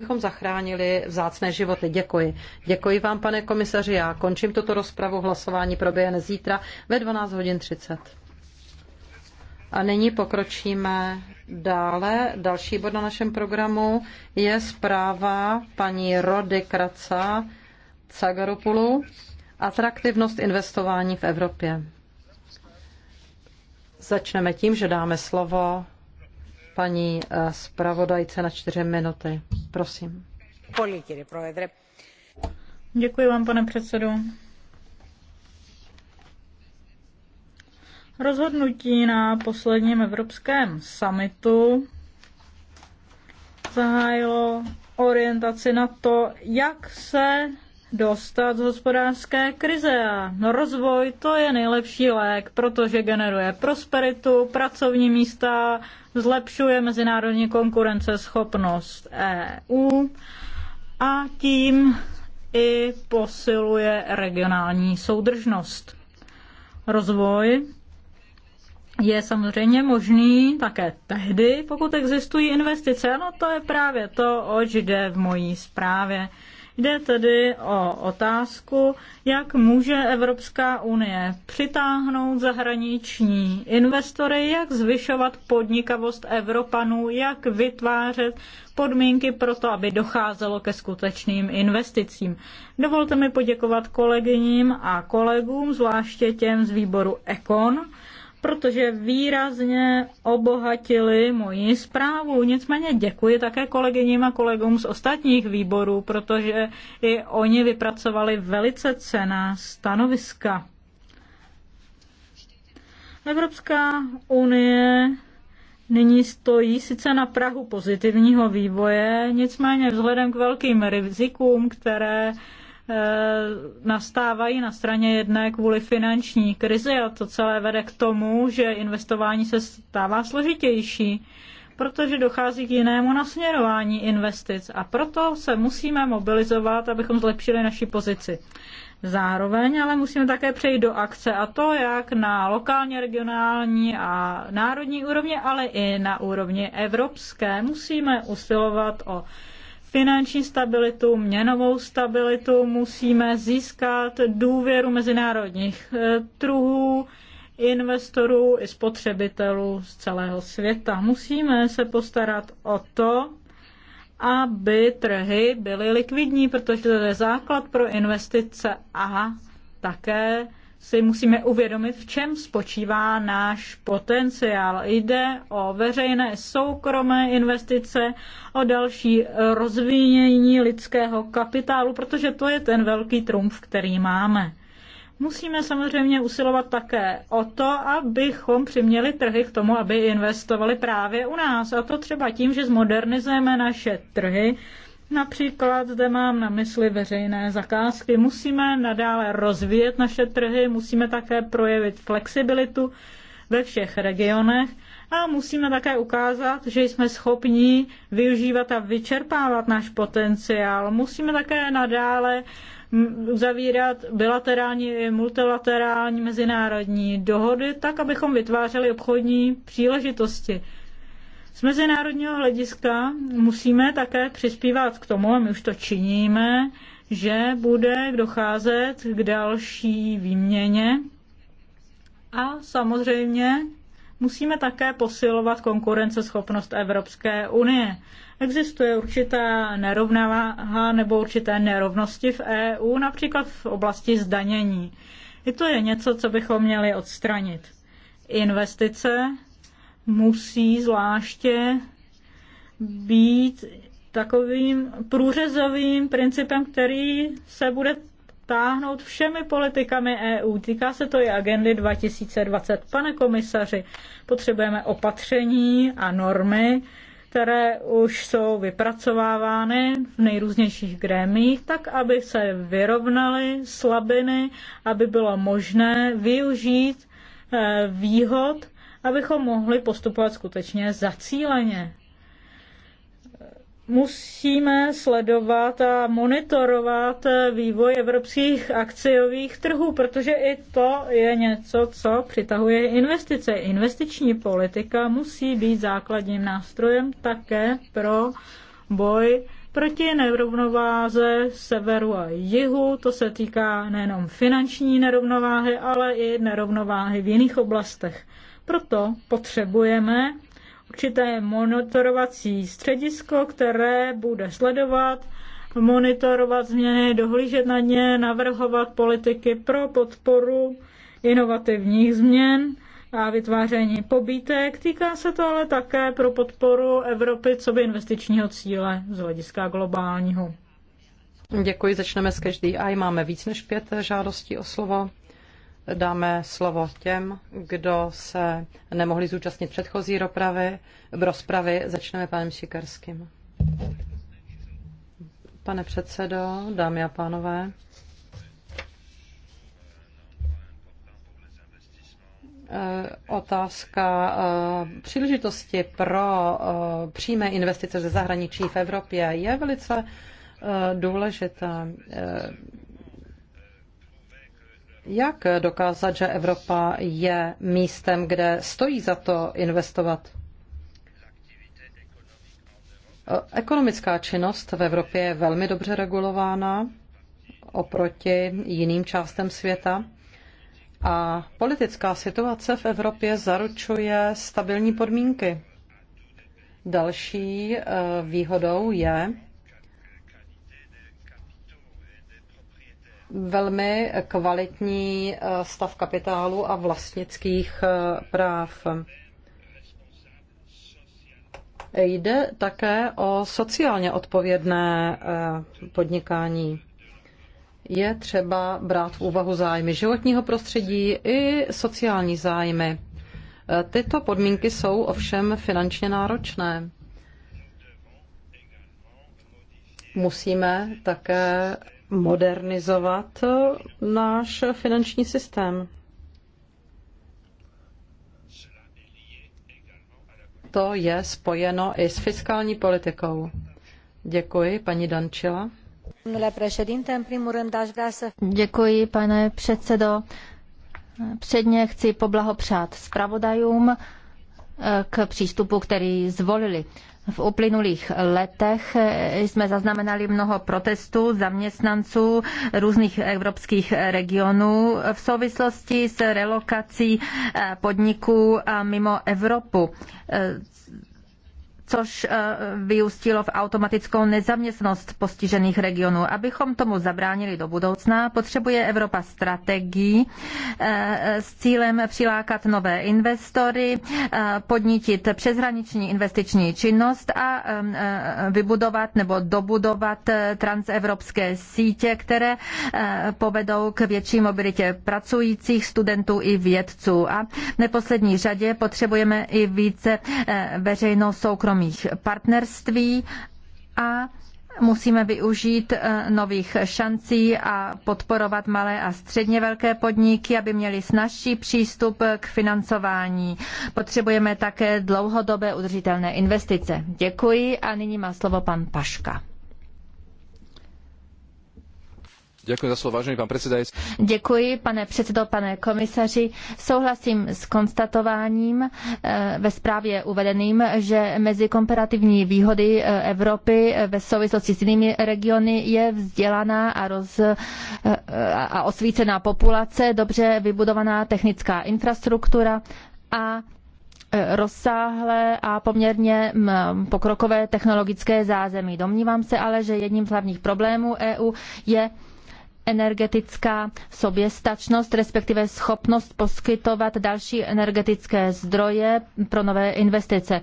bychom zachránili vzácné životy. Děkuji. Děkuji vám, pane komisaři. Já končím tuto rozpravu. Hlasování proběhne zítra ve 12 hodin 30. A nyní pokročíme dále. Další bod na našem programu je zpráva paní Rody Kraca Cagaropulu. Atraktivnost investování v Evropě. Začneme tím, že dáme slovo paní eh, zpravodajce na čtyři minuty. Prosím. Děkuji vám, pane předsedo. Rozhodnutí na posledním evropském summitu zahájilo orientaci na to, jak se dostat z hospodářské krize. A no rozvoj to je nejlepší lék, protože generuje prosperitu, pracovní místa, zlepšuje mezinárodní konkurenceschopnost EU a tím i posiluje regionální soudržnost. Rozvoj je samozřejmě možný také tehdy, pokud existují investice. No to je právě to, oč jde v mojí zprávě. Jde tedy o otázku, jak může Evropská unie přitáhnout zahraniční investory, jak zvyšovat podnikavost Evropanů, jak vytvářet podmínky pro to, aby docházelo ke skutečným investicím. Dovolte mi poděkovat kolegyním a kolegům, zvláště těm z výboru Econ, protože výrazně obohatili moji zprávu. Nicméně děkuji také kolegyním a kolegům z ostatních výborů, protože i oni vypracovali velice cená stanoviska. Evropská unie nyní stojí sice na Prahu pozitivního vývoje, nicméně vzhledem k velkým rizikům, které Eh, nastávají na straně jedné kvůli finanční krizi a to celé vede k tomu, že investování se stává složitější, protože dochází k jinému nasměrování investic a proto se musíme mobilizovat, abychom zlepšili naši pozici. Zároveň ale musíme také přejít do akce a to jak na lokálně, regionální a národní úrovni, ale i na úrovni evropské. Musíme usilovat o finanční stabilitu, měnovou stabilitu, musíme získat důvěru mezinárodních eh, trhů, investorů i spotřebitelů z celého světa. Musíme se postarat o to, aby trhy byly likvidní, protože to je základ pro investice a také si musíme uvědomit, v čem spočívá náš potenciál. Jde o veřejné soukromé investice, o další rozvíjení lidského kapitálu, protože to je ten velký trumf, který máme. Musíme samozřejmě usilovat také o to, abychom přiměli trhy k tomu, aby investovali právě u nás. A to třeba tím, že zmodernizujeme naše trhy, Například zde mám na mysli veřejné zakázky. Musíme nadále rozvíjet naše trhy, musíme také projevit flexibilitu ve všech regionech a musíme také ukázat, že jsme schopni využívat a vyčerpávat náš potenciál. Musíme také nadále uzavírat bilaterální i multilaterální mezinárodní dohody, tak abychom vytvářeli obchodní příležitosti. Z mezinárodního hlediska musíme také přispívat k tomu, a my už to činíme, že bude docházet k další výměně a samozřejmě musíme také posilovat konkurenceschopnost Evropské unie. Existuje určitá nerovnováha nebo určité nerovnosti v EU, například v oblasti zdanění. I to je něco, co bychom měli odstranit. Investice musí zvláště být takovým průřezovým principem, který se bude táhnout všemi politikami EU. Týká se to i agendy 2020. Pane komisaři, potřebujeme opatření a normy, které už jsou vypracovávány v nejrůznějších grémích, tak aby se vyrovnaly slabiny, aby bylo možné využít eh, výhod abychom mohli postupovat skutečně zacíleně. Musíme sledovat a monitorovat vývoj evropských akciových trhů, protože i to je něco, co přitahuje investice. Investiční politika musí být základním nástrojem také pro boj proti nerovnováze severu a jihu. To se týká nejenom finanční nerovnováhy, ale i nerovnováhy v jiných oblastech. Proto potřebujeme určité monitorovací středisko, které bude sledovat, monitorovat změny, dohlížet na ně, navrhovat politiky pro podporu inovativních změn a vytváření pobítek. Týká se to ale také pro podporu Evropy co by investičního cíle z hlediska globálního. Děkuji, začneme s každý. A máme víc než pět žádostí o slovo dáme slovo těm, kdo se nemohli zúčastnit předchozí ropravy, rozpravy. Začneme panem Šikarským. Pane předsedo, dámy a pánové, eh, otázka eh, příležitosti pro eh, přímé investice ze zahraničí v Evropě je velice důležitá. Jak dokázat, že Evropa je místem, kde stojí za to investovat? Ekonomická činnost v Evropě je velmi dobře regulována oproti jiným částem světa. A politická situace v Evropě zaručuje stabilní podmínky. Další eh, výhodou je, velmi kvalitní eh, stav kapitálu a vlastnických eh, práv. Jde také o sociálně odpovědné eh, podnikání. Je třeba brát v úvahu zájmy životního prostředí i sociální zájmy. Tyto podmínky jsou ovšem finančně náročné. Musíme také modernizovat náš finanční systém. To je spojeno i s fiskální politikou. Děkuji, paní Dančila. Děkuji, pane předsedo. Předně chci poblahopřát zpravodajům eh, k přístupu, který zvolili. V uplynulých letech jsme zaznamenali mnoho protestů zaměstnanců různých evropských regionů v souvislosti s relokací podniků mimo Evropu což eh, vyústilo v automatickou nezaměstnost postižených regionů. Abychom tomu zabránili do budoucna, potřebuje Evropa strategii eh, s cílem přilákat nové investory, eh, podnítit přeshraniční investiční činnost a vybudovat nebo dobudovat transevropské sítě, které povedou k větší mobilitě pracujících studentů i vědců. A v neposlední řadě potřebujeme i více veřejnou soukromou soukromých partnerství a musíme využít eh, nových šancí a podporovat malé a středně velké podniky, aby měli snažší přístup k financování. Potřebujeme také dlouhodobé udržitelné investice. Děkuji a nyní má slovo pan Paška. Děkuji za slovo, vážený pan předsedající. Děkuji, pane předsedo, pane komisaři. Souhlasím s konstatováním eh, ve zprávě uvedeným, že mezi komparativní výhody eh, Evropy eh, ve souvislosti s jinými regiony je vzdělaná a, roz, a osvícená populace, dobře vybudovaná technická infrastruktura a rozsáhlé a poměrně pokrokové technologické zázemí. Domnívám se ale, že jedním z hlavních problémů EU je energetická soběstačnost, respektive schopnost poskytovat další energetické zdroje pro nové investice.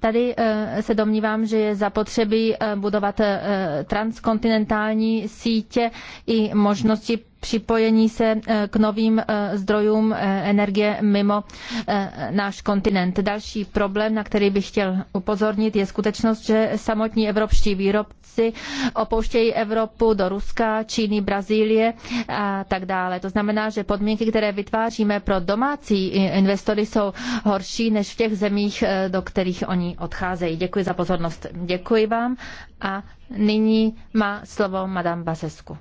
Tady eh, se domnívám, že je zapotřebí eh, budovat eh, transkontinentální sítě i možnosti připojení se eh, k novým eh, zdrojům eh, energie mimo náš kontinent. Další problém, na který bych chtěl upozornit, je skutečnost, že samotní evropští výrobci opouštějí Evropu do Ruska, Číny, Brazílie a tak dále. To znamená, že podmínky, které vytváříme pro domácí investory, jsou horší než v těch zemích, do kterých oni odcházejí. Děkuji za pozornost. Děkuji vám a nyní má slovo Madame Basescu.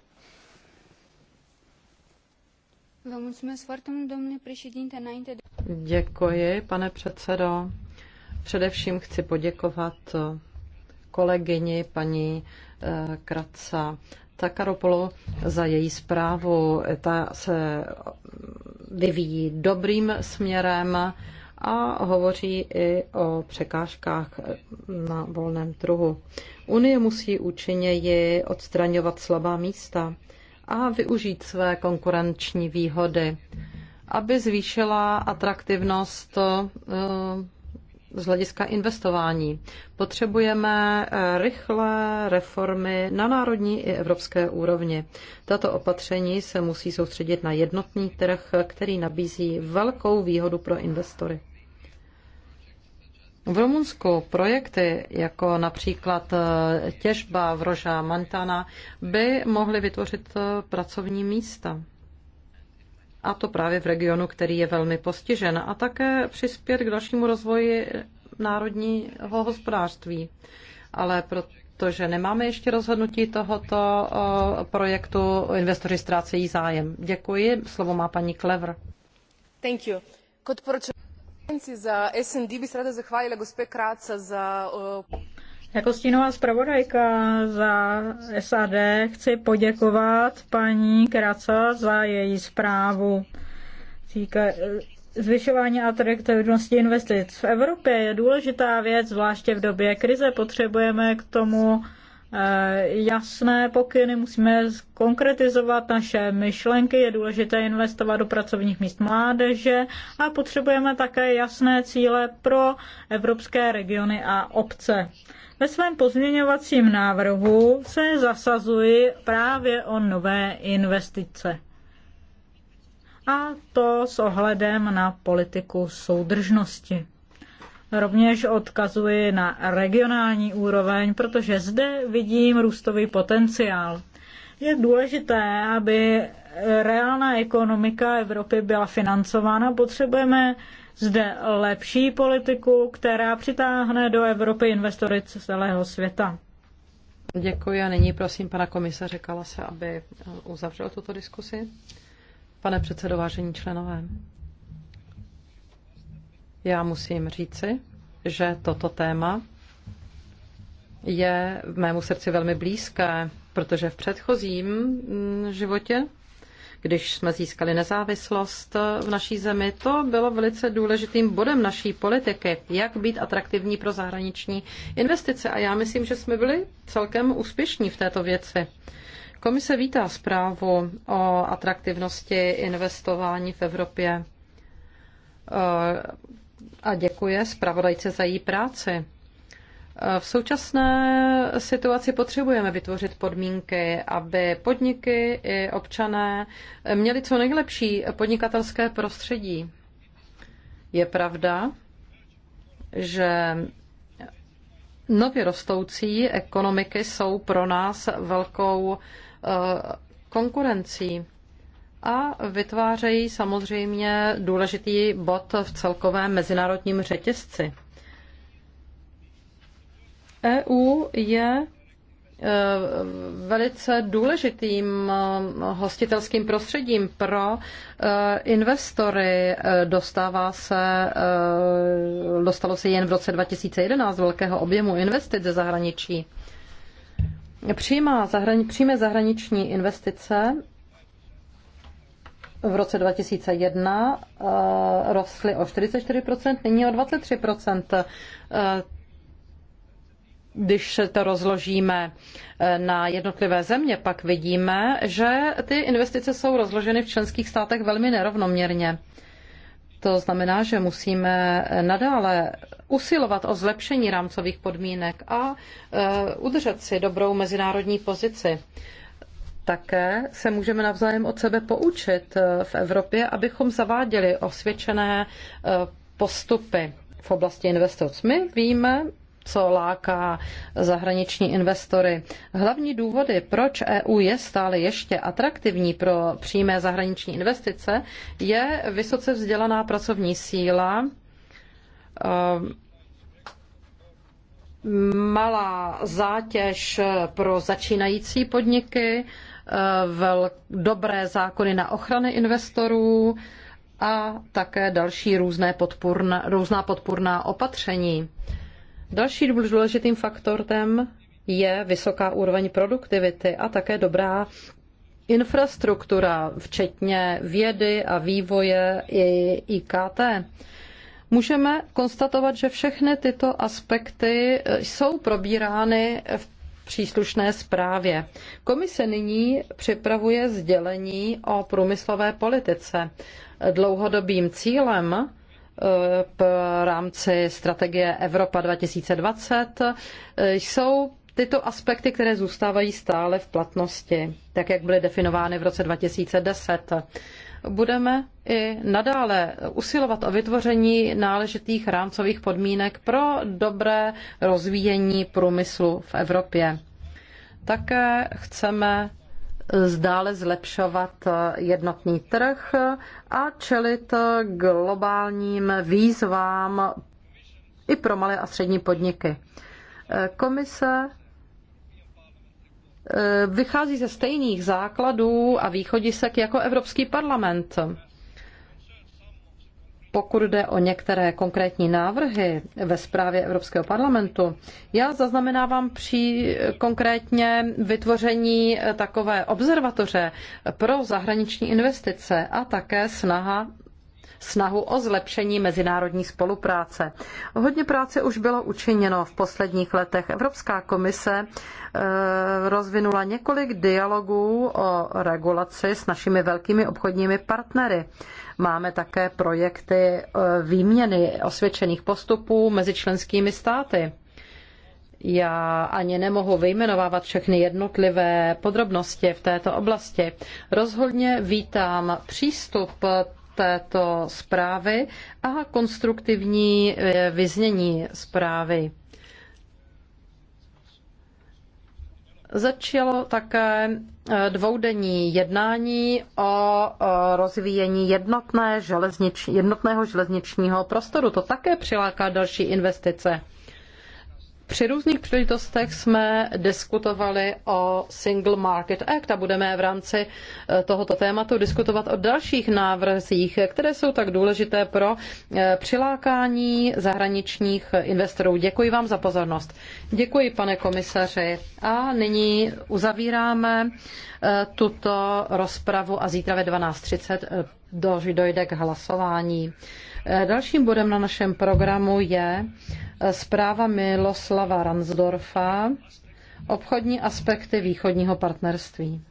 Vă mulțumesc foarte mult, domnule președinte, înainte de... Děkuji, pane předsedo. Především chci poděkovat eh, kolegyni paní eh, Kratsa Takaropolo za její zprávu. Ta se vyvíjí dobrým směrem a hovoří i o překážkách na volném trhu. Unie musí účinněji odstraňovat slabá místa a využít své konkurenční výhody, aby zvýšila atraktivnost eh, z hlediska investování. Potřebujeme eh, rychlé reformy na národní i evropské úrovni. Tato opatření se musí soustředit na jednotný trh, který nabízí velkou výhodu pro investory. V Rumunsku projekty jako například e, těžba v Roža Mantana by mohly vytvořit e, pracovní místa. A to právě v regionu, který je velmi postižen a také přispět k dalšímu rozvoji národního hospodářství. Ale protože nemáme ještě rozhodnutí tohoto e, projektu, investoři ztrácejí zájem. Děkuji. Slovo má paní Klever. Thank you. Za SND bych ráda zachválila gospe za... Jako stínová zpravodajka za SAD chci poděkovat paní Kraca za její zprávu. Týka, eh, Zvyšování atraktivnosti investic v Evropě je důležitá věc, zvláště v době krize potřebujeme k tomu Eh, jasné pokyny, musíme konkretizovat naše myšlenky, je důležité investovat do pracovních míst mládeže a potřebujeme také jasné cíle pro evropské regiony a obce. Ve svém pozměňovacím návrhu se zasazuji právě o nové investice. A to s ohledem na politiku soudržnosti. Rovněž odkazuji na regionální úroveň, protože zde vidím růstový potenciál. Je důležité, aby reálná ekonomika Evropy byla financována. Potřebujeme zde lepší politiku, která přitáhne do Evropy investory z celého světa. Děkuji a nyní prosím pana komisaře Kalase, aby uzavřel tuto diskusi. Pane předsedo, vážení členové. Já musím říci, že toto téma je v mému srdci velmi blízké, protože v předchozím mm, životě, když jsme získali nezávislost v naší zemi, to bylo velice důležitým bodem naší politiky, jak být atraktivní pro zahraniční investice. A já myslím, že jsme byli celkem úspěšní v této věci. Komise vítá zprávu o atraktivnosti investování v Evropě a děkuje zpravodajce za její práci. V současné situaci potřebujeme vytvořit podmínky, aby podniky i občané měli co nejlepší podnikatelské prostředí. Je pravda, že nově rostoucí ekonomiky jsou pro nás velkou eh, konkurencí a vytvářejí samozřejmě důležitý bod v celkovém mezinárodním řetězci. EU je e, velice důležitým e, hostitelským prostředím pro e, investory. Dostává se, dostalo se jen v roce 2011 velkého objemu investic ze zahraničí. Přijímá zahrani, přímé zahraniční investice v roce 2001 eh, rostly o 44%, nyní o 23%. Eh, když to rozložíme eh, na jednotlivé země, pak vidíme, že ty investice jsou rozloženy v členských státech velmi nerovnoměrně. To znamená, že musíme nadále usilovat o zlepšení rámcových podmínek a udržet si dobrou mezinárodní pozici také se můžeme navzájem od sebe poučit eh, v Evropě, abychom zaváděli osvědčené eh, postupy v oblasti investic. My víme, co láká zahraniční investory. Hlavní důvody, proč EU je stále ještě atraktivní pro přímé zahraniční investice, je vysoce vzdělaná pracovní síla, eh, malá zátěž pro začínající podniky Eh, dobré zákony na ochrany investorů a také další různé podpůrna, různá podpůrná opatření. Další důležitým faktorem je vysoká úroveň produktivity a také dobrá infrastruktura, včetně vědy a vývoje i IKT. Můžeme konstatovat, že všechny tyto aspekty jsou probírány v příslušné zprávě. Komise nyní připravuje sdělení o průmyslové politice. Dlouhodobým cílem eh, v rámci strategie Evropa 2020 eh, jsou tyto aspekty, které zůstávají stále v platnosti, tak jak byly definovány v roce 2010 budeme i nadále usilovat o vytvoření náležitých rámcových podmínek pro dobré rozvíjení průmyslu v Evropě. Také chceme zdále zlepšovat jednotný trh a čelit globálním výzvám i pro malé a střední podniky. Komise Eh, vychází ze stejných základů a východisek jako Evropský parlament. Pokud jde o některé konkrétní návrhy ve zprávě Evropského parlamentu, já zaznamenávám při konkrétně vytvoření eh, takové observatoře pro zahraniční investice a také snaha snahu o zlepšení mezinárodní spolupráce. Hodně práce už bylo učiněno v posledních letech. Evropská komise eh, rozvinula několik dialogů o regulaci s našimi velkými obchodními partnery. Máme také projekty eh, výměny osvědčených postupů mezi členskými státy. Já ani nemohu vyjmenovávat všechny jednotlivé podrobnosti v této oblasti. Rozhodně vítám přístup této zprávy a konstruktivní eh, vyznění zprávy. Začalo také eh, dvoudenní jednání o rozvíjení jednotné železnič, jednotného železničního prostoru. To také přiláká další investice. Při různých příležitostech jsme diskutovali o Single Market Act a budeme v rámci eh, tohoto tématu diskutovat o dalších návrzích, které jsou tak důležité pro eh, přilákání zahraničních investorů. Děkuji vám za pozornost. Děkuji, pane komisaři. A nyní uzavíráme eh, tuto rozpravu a zítra ve 12.30 dojde k hlasování. Dalším bodem na našem programu je Zpráva Miloslava Ransdorfa, obchodní aspekty východního partnerství.